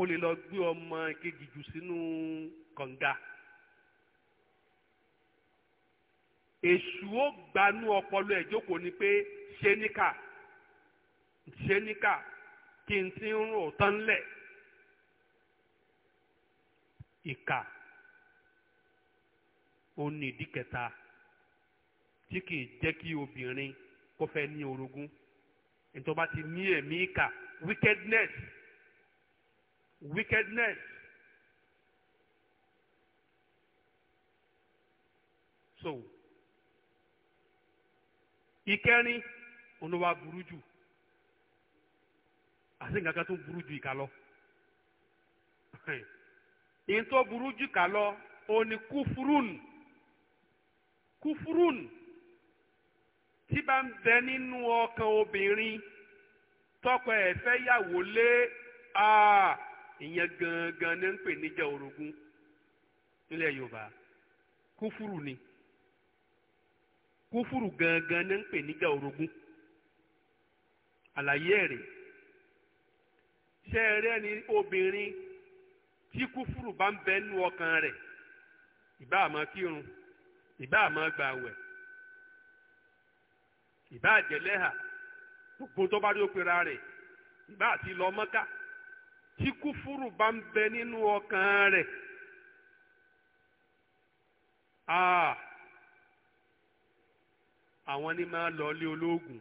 o lè lọ gbé ọmọ kejì jù sínú kànga èṣù ó gbanú ọpọlọ ẹ jókòó ni pé ṣé níkà ṣé níkà kí n ti ń rún ọ̀tán lẹ̀ ìkà ó ní ìdí kẹta tí kì í jẹ́ kí obìnrin kó fẹ́ ní orogún ẹni ti ní ẹ̀mí ìkà wickedness wickedness so ìkẹrin olówó burú jù àti nǹkan kan tó burú jù ìka lọ ìyẹn tó burú jù ìka lọ òun ni kúfurún kúfurún tí bá ń bẹ nínú ọkàn obìnrin tọkọ ẹ̀ yàwó lé aa ìyẹn gangan ní ń pè níjà orogún nílẹ̀ yorùbá kúfúrù ni kúfúrù gangan ní ń pè níjà orogún àlàyé ẹ̀rẹ̀ ṣé ẹ rẹ́ ni obìnrin tí kúfúrù bá ń bẹ nínú ọkàn rẹ̀ ìbá àmọ́ kírun ìbá àmọ́ gbààwẹ̀ ìbá àjẹlẹ́hà gbogbo tó bá rí ó pera rẹ̀ ìbá àti lọ mọ́ká tí kúfúrú bá ń bẹ nínú ọkàn rẹ̀ ah. àwọn ni máa lọ lé ológun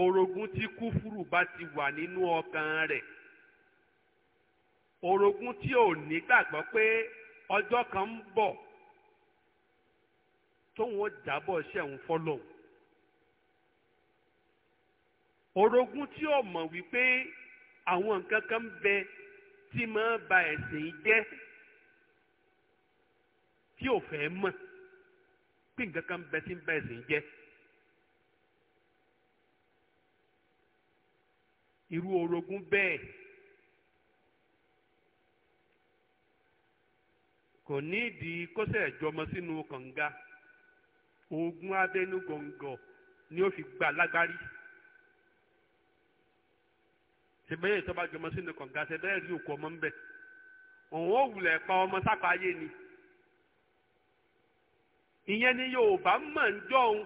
orogún tí kúfúrú bá ti wà nínú ọkàn rẹ̀ orogún tí ò ní gbàgbọ́ pé ọjọ́ kan ń bọ̀ tóun ó jábọ̀ ṣẹ̀hún fọ́lọ́hún orogún tí ó mọ̀ wípé àwọn nǹkan kan bẹ tí máa ba ẹ̀sìn jẹ́ tí ò fẹ́ mọ̀ pé nǹkan kan bẹ tí ń ba ẹ̀sìn jẹ́. irú orogún bẹ́ẹ̀ kò ní ìdí kọ́sẹ̀ ìjọmọ sínú kànga oògùn abẹ́nú ni ó fi gbà lágbárí sèbéyè tó bá jọmọ sínú kànga sẹbẹ́rẹ́ rí òkú ọmọ ńbẹ òun ò wulẹ̀ pa ọmọ sápá ayé ni ìyẹn ni Yorùbá mọ̀ ń jọ òun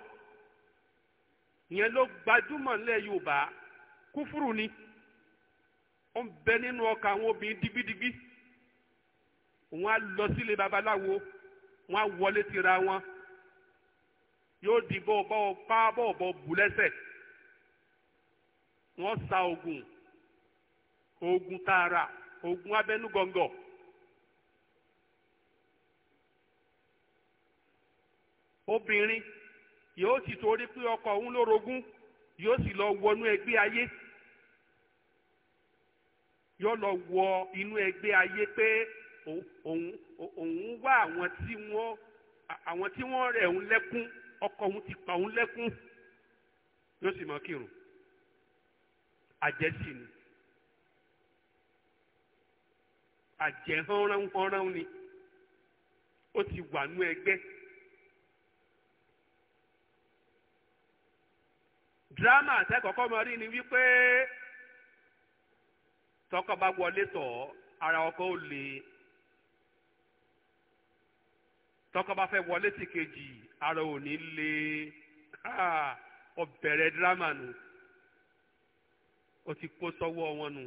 ìyẹn ló gbajúmọ̀ ńlẹ̀ Yorùbá kúfúrú ni ó ń bẹ nínú ọkà àwọn obìnrin digbídigbí wọn á lọ sílé babaláwo wọn á wọlé tira wọn yóò di bọ́ọ̀ bọ́ọ̀ pa bọ́ọ̀ bọ́ọ̀ bù lẹ́sẹ̀ wọ́n sa oògùn oògùn tààrà oògùn abẹnugọ̀ngọ̀. obìnrin yóò sì torí pé ọkọ òun ló rogún yóò sì lọ wọnú ẹgbẹ́ ayé yóò lọ wọ inú ẹgbẹ́ ayé pé òun wá àwọn tí wọ́n àwọn tí wọ́n rẹ̀ òun lẹ́kún ọkọ òun ti pa òun lẹ́kún yóò sì mọ kírun àjẹsí ni. àjẹhánránhánrán ni ó ti wà nú ẹgbẹ́. dírámà àtẹ́kọ̀ọ́kọ́ mọ rí ni wípé tọkọ bá wọlé tọ̀ ara ọkọ ò lè tọkọ bá fẹ́ wọlé tì kejì ara ò ní lè ọbẹ̀rẹ̀ dírámà nù ó ti kó sọ́wọ́ wọn nù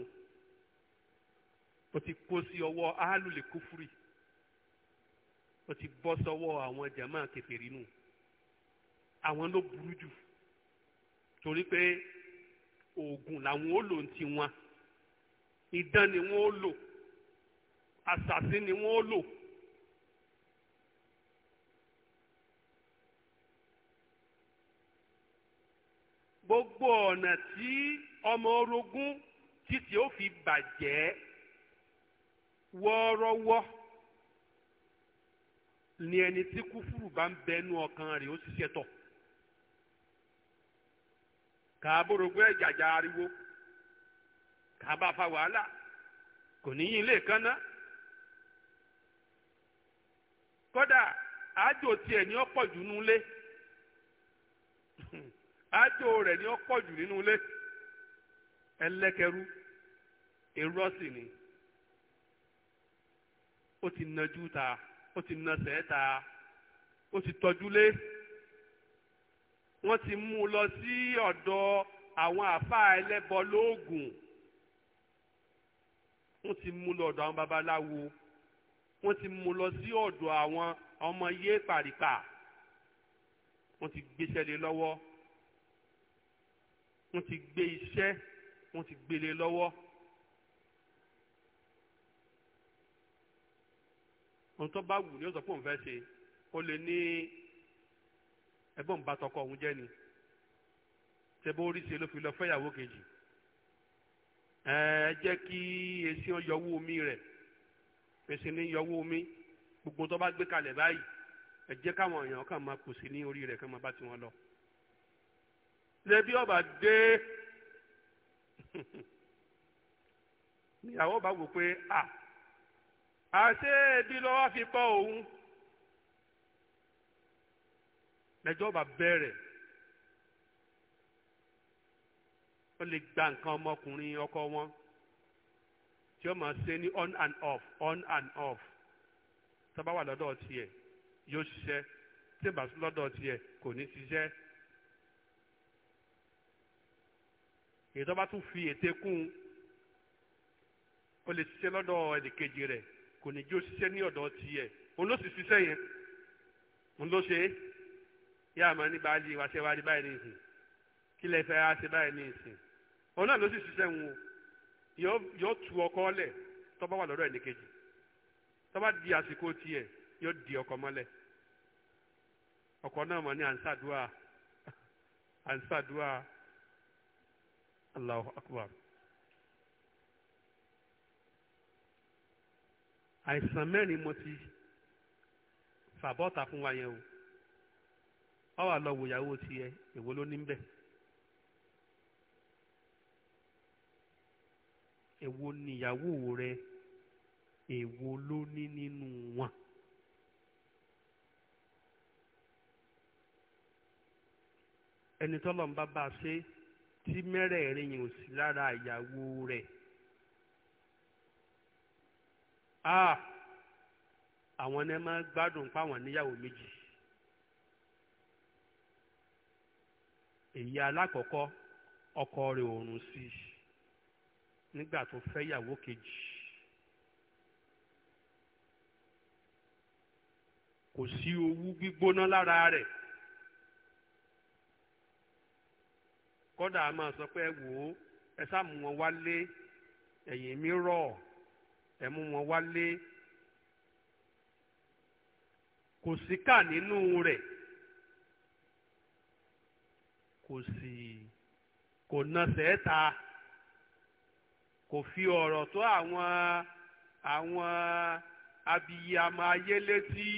ó ti kó sí ọwọ́ áálùlì kúfúrì ó ti bọ́ sọ́wọ́ àwọn jàmáà kèfèrí nù àwọn ló burú jù torí pé oògùn làwọn ó lò ń ti wọn idán ni wọn ó lò àṣàsí ni wọn ó lò. gbogbo ọ̀nà tí ọmọ orogún títí ó fi bàjẹ́ wọ́ọ́rọ́wọ́ ni ẹni tí kúfúrú bá ń bẹnu ọkàn rẹ̀ ó sì ṣẹtọ̀ kàbórogbó ẹ̀jàjà ariwo wàhálà kò ní yín lè kódà àjò tiẹ̀ ni ó pọ̀jù àjò rẹ̀ ni ó pọ̀jù nínú ilé ẹlẹ́kẹrú ni. ó ti najú ta ó ti nasẹ̀ ta ó ti tọ́júlé wọ́n ti mú un lọ sí ọ̀dọ̀ àwọn àfáà ẹlẹ́bọ lóògùn wọ́n ti mú un lọ ọ̀dọ̀ àwọn babaláwo wọ́n ti mú un lọ sí ọ̀dọ̀ àwọn ọmọ yé pàrípà wọ́n ti gbéṣẹ́ lé lọ́wọ́ wọ́n ti gbé iṣẹ́ wọ́n ti gbélé lọ́wọ́. ohun tó bá wù ní ọ̀sán pòun fẹ́ ṣe ó lè ní ẹ̀bọ̀n bá tọkọ òun jẹ́ ni ṣebó orí ṣe ló fi lọ fẹ́yàwó kejì ẹ jẹ́ kí èsì yọwọ́ omi rẹ̀ èsì ní yọwọ́ omi gbogbo tó bá gbé kalẹ̀ báyìí ẹ jẹ́ káwọn èèyàn kàn máa kù ní orí rẹ̀ kàn máa bá tiwọn lọ. lẹ́bí ọba dé níyàwó bá wò pé ah àṣé ebi lọ́wọ́ fi pa òun lẹ́jọ́ bá bẹ̀rẹ̀ ó lè gba nǹkan ọmọkùnrin ọkọ wọn tí ó máa ṣe ní on and off on and off tó bá wà lọ́dọ̀ tiẹ̀ yóò ṣiṣẹ́ tí bá sí lọ́dọ̀ tiẹ̀ kò ní ṣiṣẹ́. èyí tó bá tún fi ète kún un ó lè ṣiṣẹ́ lọ́dọ̀ ẹnìkejì rẹ̀ kò ní jó ṣiṣẹ́ ní ọ̀dọ̀ tiẹ̀ òun ló sì ṣiṣẹ́ yẹn òun ló ṣe é yá àmọ́ ní baálé wàṣẹ wa ní báyìí nìyí kí lè fẹ́ ṣe báyìí ní ìsìn òun náà ló sì ṣiṣẹ́ wọn o yóò tu ọkọ lẹ̀ tó bá wà lọ́dọ̀ ẹnìkejì tó bá di àsìkò tiẹ̀ yóò di ọkọ mọ́lẹ̀ ọkọ náà mọ̀ ní ànsádùá ànsádùá Allahu akbar. àìsàn mẹ́rin mo ti fàbọ́ta fún wa yẹn o ọ wà lọ wò ìyàwó tiẹ̀ èwo ló ní bẹ́ẹ̀ èwo ni ìyàwó rẹ èwo ló ní nínú wọn. ẹni tọ́lọ́ bá ṣe tí mẹ́rẹ̀ẹ̀rin yìí ò sí lára ìyàwó rẹ̀. Ah, àwọn ẹ máa gbádùn páwọn níyàwó méjì èyí alákọ̀ọ́kọ́ ọkọ rẹ̀ òrùn sí i nígbà tó fẹ́ yàwó kejì kò sí owú gbígbóná lára rẹ̀ kódà máa sọ pé ẹ wò ó ẹ sáà mú wọn wálé ẹ̀yìn mi rọ̀ ẹ mú wọn wálé kò síkà nínú rẹ̀ kò sì kò nasẹ̀ ta kò fi ọ̀rọ̀ tó àwọn àwọn abiyamọ ayé létí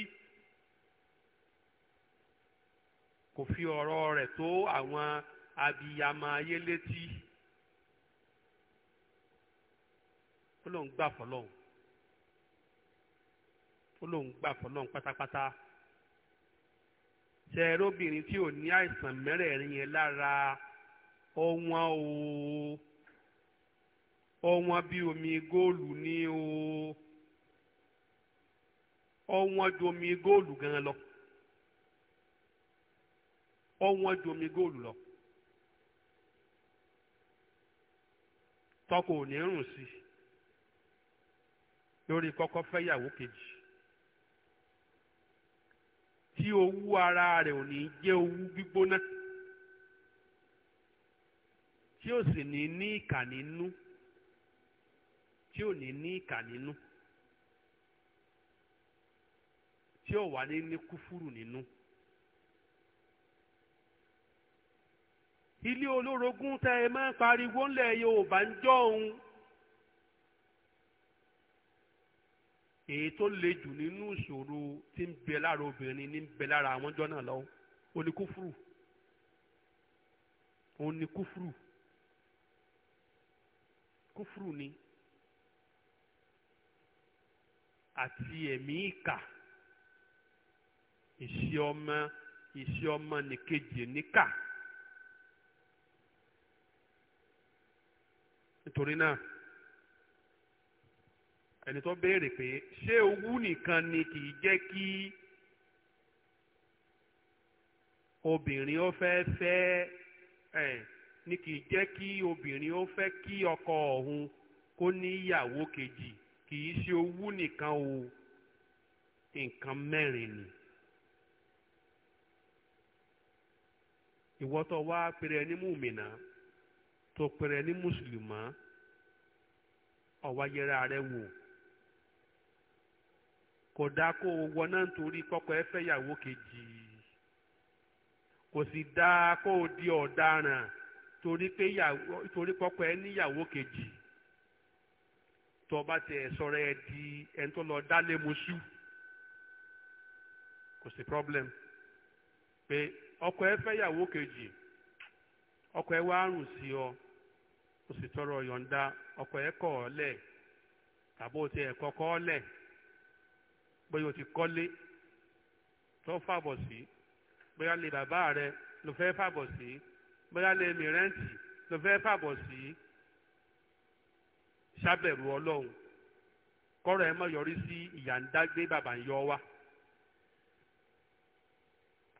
kò fi ọ̀rọ̀ rẹ̀ tó àwọn abiyamọ ayé létí. ó lóun gbà fọlọ́hún ó lóun gbà fọlọ́hún pátápátá tẹ̀rọ̀bìnrin tí ò ní àìsàn mẹ́rẹ̀ẹ̀rin yẹn lára ọ̀wọ́n o ọ̀wọ́n bí omi góòlù ní o ọ̀wọ́n ju omi góòlù gan lọ ọ̀wọ́n ju omi góòlù lọ tọkọ ò ní rùn sí i lórí kọ́kọ́ fẹ́yàwó kejì tí owó ara rẹ̀ ò ní jẹ́ owó gbígbóná tí ò sì ní ní ìkà nínú tí ò ní ní ìkà nínú tí ò wà ní ní kúfúrù nínú. ilé olórogún tẹ ẹ máa ń pariwo ńlẹ̀ Yorùbá ń jọ òun. èyí tó le jù nínú ìṣòro tí ń bẹ lára obìnrin ní ń bẹ lára àwọn ọjọ́ náà lọ́wọ́ ó ní kúfúrú ó ní kúfúrú kúfúrú ni àti ẹ̀mí ìkà ìṣe ọmọ ìṣe ọmọ nìkejì níkà nítorí náà. ẹni tó béèrè pé ṣé owú nìkan ni kì í jẹ́ kí obìnrin ó fẹ́ fẹ́ ẹ̀ ni kì í jẹ́ kí obìnrin ó fẹ́ kí ọkọ ọ̀hún kó ní ìyàwó kejì kì í ṣe owú nìkan o nǹkan mẹ́rin ni. ìwọ wá pèrè ní mùmìnà tó pèrè ní mùsùlùmá ọ̀wá yẹra rẹ wò. kò dáa kó o wọná nítorí kọ́kọ́ ẹ fẹ́ yàwó kejì kò sì dáa kó di ọ̀daràn torí pé yàwó torí kọ́kọ́ ẹ níyàwó kejì tó ẹ di ẹni tó lọ dálé mọ́ṣú kò sí problem pé ọkọ ẹ fẹ́ kejì ọkọ ẹ wá rùn sí ọ bóyá o ti kọ́lé tó fàbọ̀ sí bóyá lè bàbá rẹ ló fẹ́ fàbọ̀ sí bóyá lè mìrẹ́ǹtì ló fẹ́ fàbọ̀ sí sábẹ̀rù ọlọ́run kọ́rọ̀ ẹ má yọrí sí ìyà ń dágbé bàbá ń yọ wá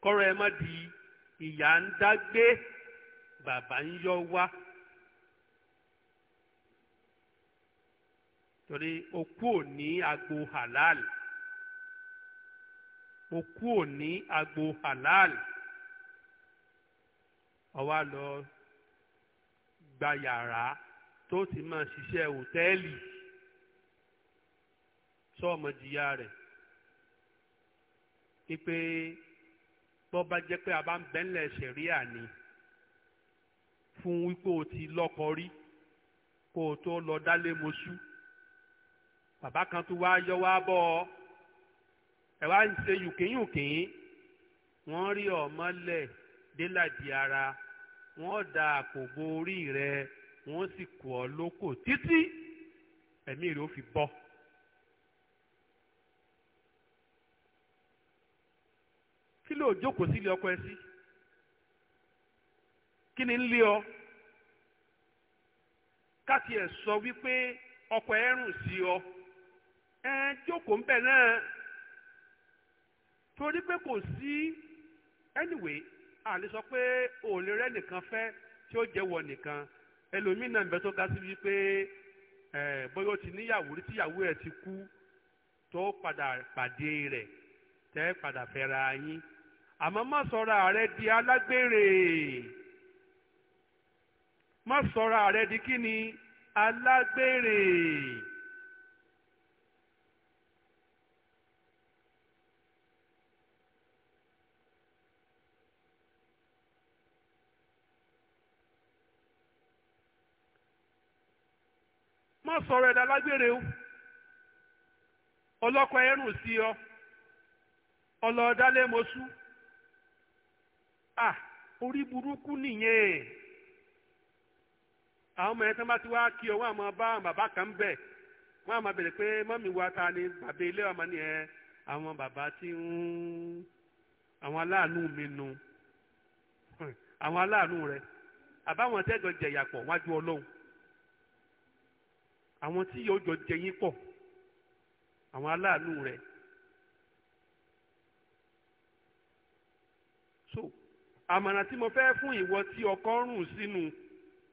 kọ́rọ̀ ẹ má di ìyà ń dágbé bàbá ń yọ wá. torí okú ò ní agbo halal o kúò ní agbo halal ó wá lọ gba yàrá tó ti máa ṣiṣẹ́ hòtẹ́ẹ̀lì sọ́ọ̀mọ̀ jìyà rẹ̀ pípé tó bá jẹ́ pé a bá ń bẹ́ńlẹ̀ ṣẹ̀ríà ni fún wípé o ti lọ́kọ rí kó o tó lọ dálé mọ́ṣú bàbá kan tó wá yọ wá bọ́ ọ ẹ wá ń ṣe yùnkìyùnkìyìn wọ́n rí ọmọ lẹ̀ délàdì ara wọ́n da àpò bo orí rẹ wọ́n sì kù ọ́ lóko títí ẹ̀mí rẹ ó fi bọ́. kí ló jókòó sílé ọkọ ẹ sí kí ni ń lé ọ káti ẹ sọ wípé ọkọ ẹ rùn sí ọ ẹ jókòó ń bẹ náà torí pé kò sí anyway a lè sọ pé o lè rẹ́ nìkan fẹ́ tí ó jẹ́ wọ nìkan ẹlòmíín náà bẹ tó ga sí wípé ẹ bóyá ó ti níyàwó rí tíyàwó ẹ ti kú tó padà pàdé rẹ̀ tẹ́ padà fẹ́ra yín àmọ́ má sọra rẹ di alágbèrè má sọra rẹ di kíni alágbèrè. má sọ̀rọ̀ ẹ̀dá lágbèrè o ọlọ́kọ ẹrù sí ọ ọlọ́ọ̀dálẹ́mọ̀sú à ah, orí burúkú nìyẹn àwọn ọmọ yẹn tán bá ti wá kí ọ wọn àmọ́ bá bàbá kan bẹ̀ wọn àmọ́ bèrè pé mọ́mí wa ta ni bàbá ilé ọmọ ni ẹ àwọn bàbá ti ń àwọn aláàánú mi nu àwọn aláàánú rẹ àbáwọn tẹ́jọ jẹ̀yà wájú ọlọ́run àwọn tí yóò jọ jẹ yín pọ̀ àwọn aláàánú rẹ̀ so àmọ̀ràn tí mo fẹ́ fún ìwọ tí ọkọ rùn sínú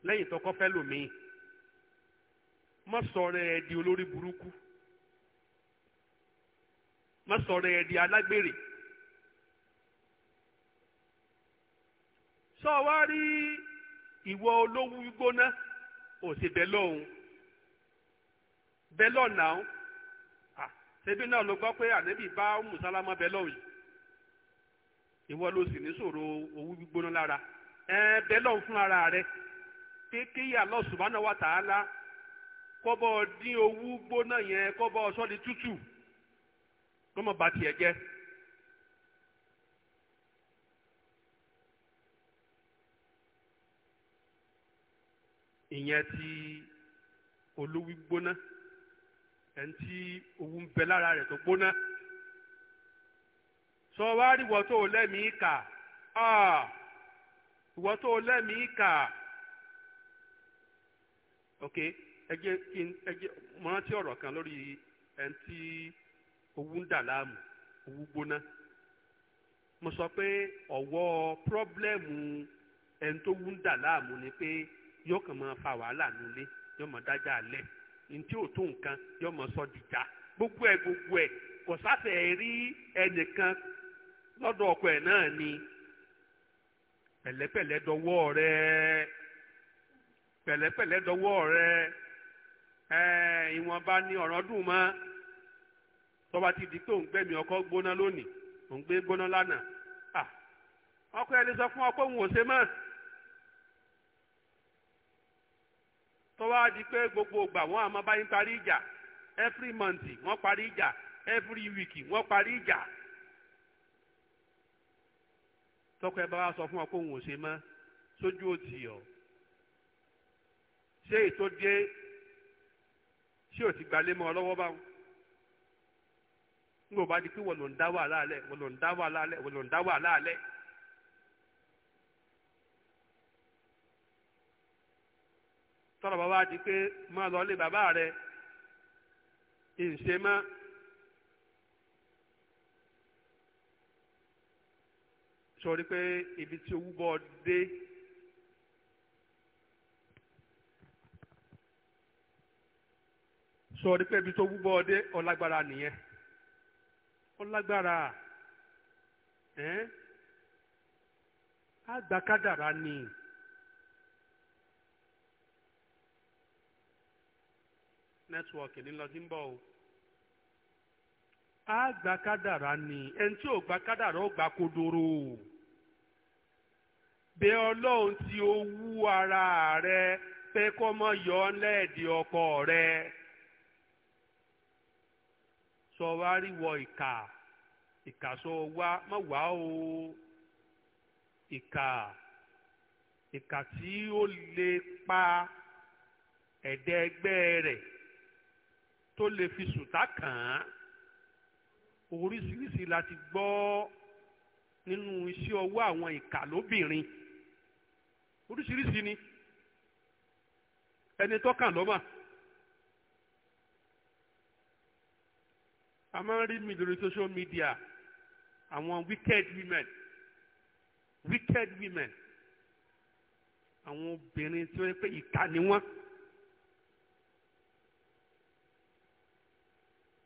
lẹ́yìn tọkọ fẹ́ lòmíì má sọ̀rọ̀ ẹ di olórí burúkú má sọ̀rọ̀ ẹ di alágbèrè sọ wá rí ìwọ olówó gbóná òsèbẹ lọ́hùn bẹ́lọ̀ náà à ṣebí náà ló gbọ́ pé ànábì bá mùsálámà bẹ́lọ̀ yìí ìwọ ló sì ní sọ̀rọ̀ owó gbígbóná lára ẹ bẹ́lọ̀ fún ara rẹ kékeré Allah subhanahu wa ta'ala kọ́bọ̀ dín owó gbóná yẹn kọ́bọ̀ sọ́ni tútù kọ́mọ bá tiẹ̀ jẹ́. ìyẹn ti olówí gbóná ẹni tí owó ń bẹ lára rẹ̀ tó gbóná sọ wá rí ìwọ tó lẹ́mìí kà ìwọ tó lẹ́mìí kà ok ẹ jẹ́ kí ẹ jẹ́ mo rántí ọ̀rọ̀ kan lórí ẹni tí dà láàmú owó gbóná mo sọ pé ọ̀wọ́ pírọ́blẹ́mù ẹni tó wú láàmú ni pé yóò kàn máa fa wàhálà nílé yóò máa dájà lẹ́ẹ̀. nti otu nkan nǹkan yóò sọ dìjà gbogbo ẹ gbogbo ẹ kò sáfẹ́ rí kan lọ́dọ̀ ọkọ ẹ̀ náà ni pẹ̀lẹ́pẹ̀lẹ́ dọwọ́ rẹ pẹ̀lẹ́pẹ̀lẹ́ dọwọ́ rẹ ẹ ìwọ̀nba ni ọ̀ràn dùn mọ́ tọ́ba ti di pé ọkọ gbóná lónìí òun gbé gbóná lánàá ọkọ ẹni sọ fún ọkọ òun ò tó wá di pé gbogbo ìgbà wọn àmọ́ bá ń parí ìjà every Monday. wọ́n parí ìjà every week wọ́n parí ìjà tọkọ ẹ bá wa sọ fún wa kó òun ò ṣe mọ́ sójú òtì ọ ṣé ètò dé ṣé òtì gbalẹ̀ mọ́ ọ lọ́wọ́ báwọn nígbà bá di pé wọ́n lò ń dá wàhálà alẹ́ wọ́n lò ń dá wàhálà alẹ́ wọ́n lò ń dá wàhálà alẹ́. tọ́rọ̀ bá wá di pé máa lọ lé bàbá rẹ ìṣe mọ́. sọrí pé ibi tí owó bọ́ dé sọrí pé ibi tó owó bọ́ dé ọlágbára nìyẹn ọlágbára ẹ́ àgbàkádàrá nìyẹn. nẹ́tíwọ̀kì ní lọ sí ń bọ̀ o á gba kádàrá ni ẹni tí ò gba kádàrá ó gba kodoro o. bẹ ọlọ́run tí ó wú ara rẹ pé kó mọ yọ ọ́ lẹ́ẹ̀dì ọkọ rẹ sọ wá rí wọ ìkà ìkà sọ wá má wá o ìkà ìkà tí ó lè pa ẹ̀dẹ́ ẹgbẹ́ rẹ̀ tó lè fi sùtá kàn án oríṣiríṣi la ti gbọ́ nínú iṣẹ́ ọwọ́ àwọn ìkà lóbìnrin oríṣiríṣi ni ẹni tó kàn lọ́mà a máa ń rí mi lórí social media àwọn wicked women wicked women àwọn obìnrin tí wọ́n pé ìkà ni wọ́n.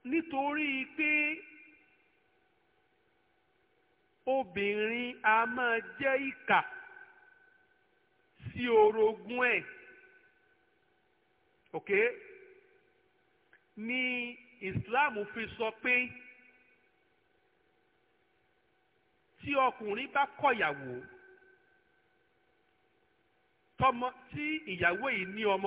nítorí pé obìnrin a máa jẹ́ ìkà sí orogún ẹ̀ ok ní Islam fi sọ pé tí ọkùnrin bá kọ̀yàwó tọmọ tí ìyàwó yìí ní ọmọ